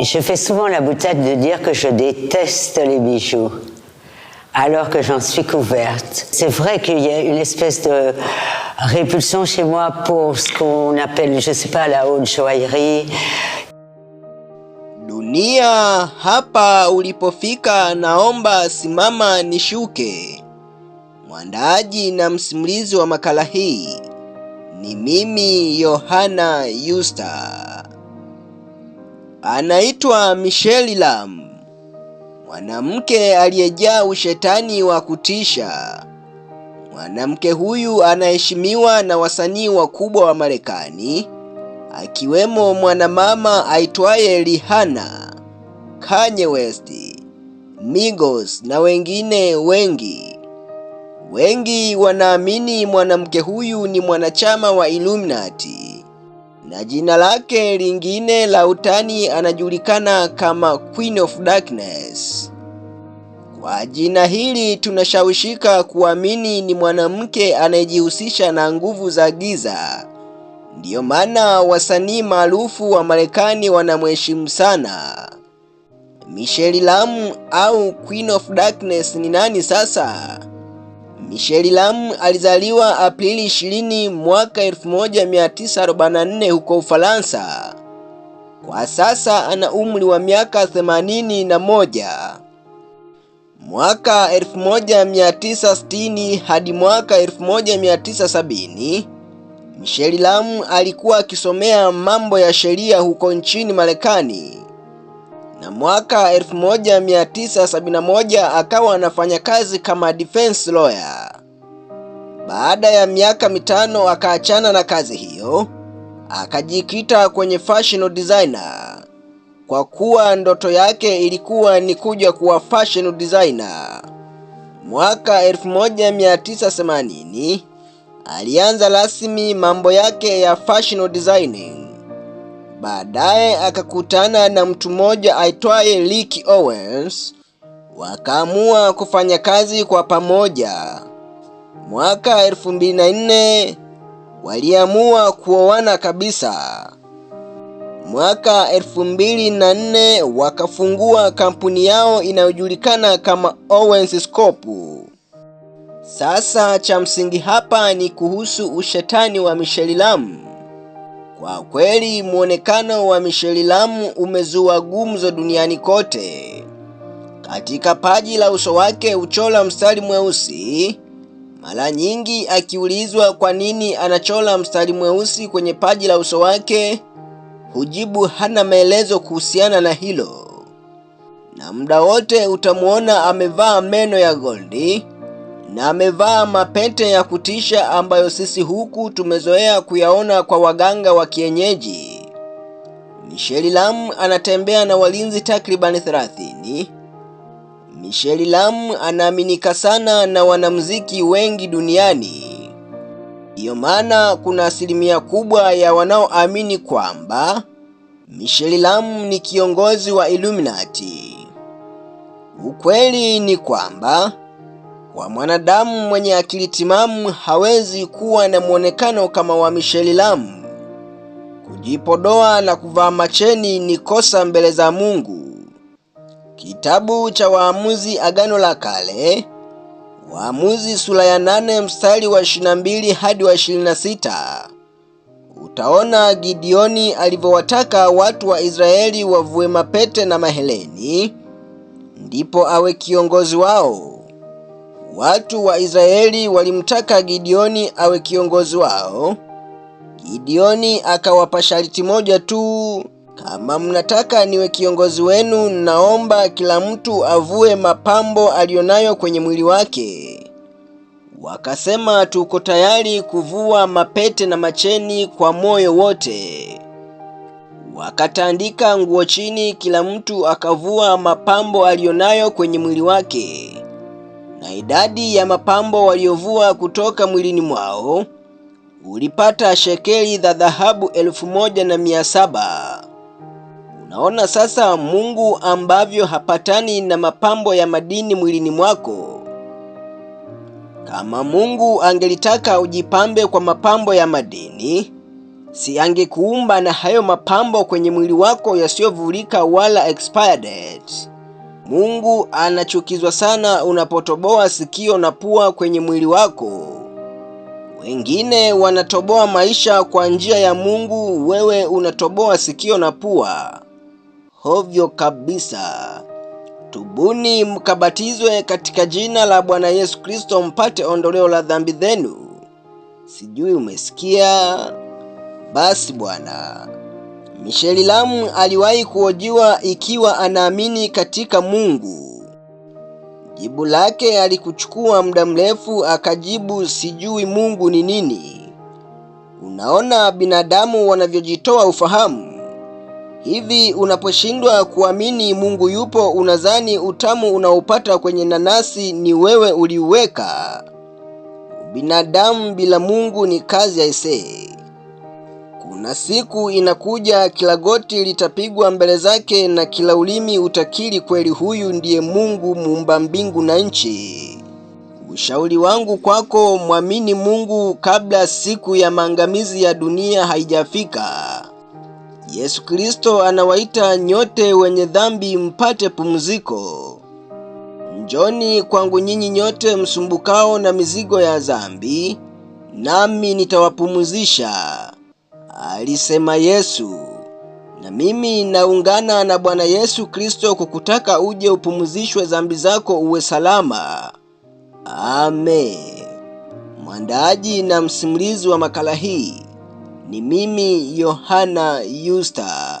Je fais souvent la boutade de dire que je déteste les bijoux, alors que j'en suis couverte. C'est vrai qu'il y a une espèce de répulsion chez moi pour ce qu'on appelle, je sais pas, la haute joaillerie. hapa ulipofika, naomba simama nishuke. Yohana Yusta. anaitwa Michelle Lam, mwanamke aliyejaa ushetani wa kutisha. Mwanamke huyu anaheshimiwa na wasanii wakubwa wa Marekani akiwemo mwanamama aitwaye Rihanna, Kanye West, Migos na wengine wengi. Wengi wanaamini mwanamke huyu ni mwanachama wa Illuminati na jina lake lingine la utani anajulikana kama Queen of Darkness. Kwa jina hili tunashawishika kuamini ni mwanamke anayejihusisha na nguvu za giza. Ndiyo maana wasanii maarufu wa Marekani wanamheshimu sana. Michelle Lam au Queen of Darkness ni nani sasa? Michelle Lam alizaliwa Aprili 20 mwaka 1944 huko Ufaransa. Kwa sasa ana umri wa miaka 81. Mwaka 1960 hadi mwaka 1970 Michelle Lam alikuwa akisomea mambo ya sheria huko nchini Marekani na mwaka 1971 akawa anafanya kazi kama defense lawyer. Baada ya miaka mitano akaachana na kazi hiyo, akajikita kwenye fashion designer kwa kuwa ndoto yake ilikuwa ni kuja kuwa fashion designer. Mwaka 1980 alianza rasmi mambo yake ya fashion designing. Baadaye akakutana na mtu mmoja aitwaye Rick Owens, wakaamua kufanya kazi kwa pamoja. Mwaka 2004 waliamua kuoana kabisa. Mwaka 2004 wakafungua kampuni yao inayojulikana kama Owens Scope. Sasa cha msingi hapa ni kuhusu ushetani wa Michelle Lam. Kwa kweli muonekano wa Michelle Lam umezua gumzo duniani kote. Katika paji la uso wake huchora mstari mweusi. Mara nyingi akiulizwa kwa nini anachora mstari mweusi kwenye paji la uso wake, hujibu hana maelezo kuhusiana na hilo, na muda wote utamwona amevaa meno ya goldi na amevaa mapete ya kutisha ambayo sisi huku tumezoea kuyaona kwa waganga wa kienyeji. Michelle Lam anatembea na walinzi takribani 30. Michelle Lam anaaminika sana na wanamuziki wengi duniani. Ndiyo maana kuna asilimia kubwa ya wanaoamini kwamba Michelle Lam ni kiongozi wa Illuminati. Ukweli ni kwamba wa mwanadamu mwenye akili timamu hawezi kuwa na mwonekano kama wa Michel Lam. Kujipodoa na kuvaa macheni ni kosa mbele za Mungu. Kitabu cha Waamuzi, Agano la Kale, Waamuzi sura ya 8 mstari wa 22 hadi wa 26. Utaona Gideoni alivyowataka watu wa Israeli wavue mapete na maheleni ndipo awe kiongozi wao. Watu wa Israeli walimtaka Gideoni awe kiongozi wao. Gideoni akawapa sharti moja tu, kama mnataka niwe kiongozi wenu, naomba kila mtu avue mapambo aliyonayo kwenye mwili wake. Wakasema, tuko tayari kuvua mapete na macheni kwa moyo wote. Wakatandika nguo chini, kila mtu akavua mapambo aliyonayo kwenye mwili wake na idadi ya mapambo waliovua kutoka mwilini mwao, ulipata shekeli za dhahabu elfu moja na mia saba. Unaona sasa Mungu ambavyo hapatani na mapambo ya madini mwilini mwako. Kama Mungu angelitaka ujipambe kwa mapambo ya madini, si angekuumba na hayo mapambo kwenye mwili wako yasiyovulika wala expired date. Mungu anachukizwa sana unapotoboa sikio na pua kwenye mwili wako. Wengine wanatoboa maisha kwa njia ya Mungu, wewe unatoboa sikio na pua. Hovyo kabisa. Tubuni mkabatizwe katika jina la Bwana Yesu Kristo mpate ondoleo la dhambi zenu. Sijui umesikia? Basi bwana Michelle Lam aliwahi kuhojiwa ikiwa anaamini katika Mungu. Jibu lake alikuchukua muda mrefu, akajibu sijui Mungu ni nini. Unaona binadamu wanavyojitoa ufahamu. Hivi unaposhindwa kuamini Mungu yupo, unadhani utamu unaopata kwenye nanasi ni wewe uliuweka? Binadamu bila Mungu ni kazi ya isee. Na siku inakuja kila goti litapigwa mbele zake na kila ulimi utakiri kweli huyu ndiye Mungu muumba mbingu na nchi. Ushauri wangu kwako, mwamini Mungu kabla siku ya maangamizi ya dunia haijafika. Yesu Kristo anawaita nyote wenye dhambi mpate pumziko. Njoni kwangu nyinyi nyote msumbukao na mizigo ya dhambi, nami nitawapumzisha. Alisema Yesu, na mimi naungana na Bwana Yesu Kristo kukutaka uje upumuzishwe dhambi zako uwe salama. Amen. Mwandaaji na msimulizi wa makala hii ni mimi Yohana Yusta.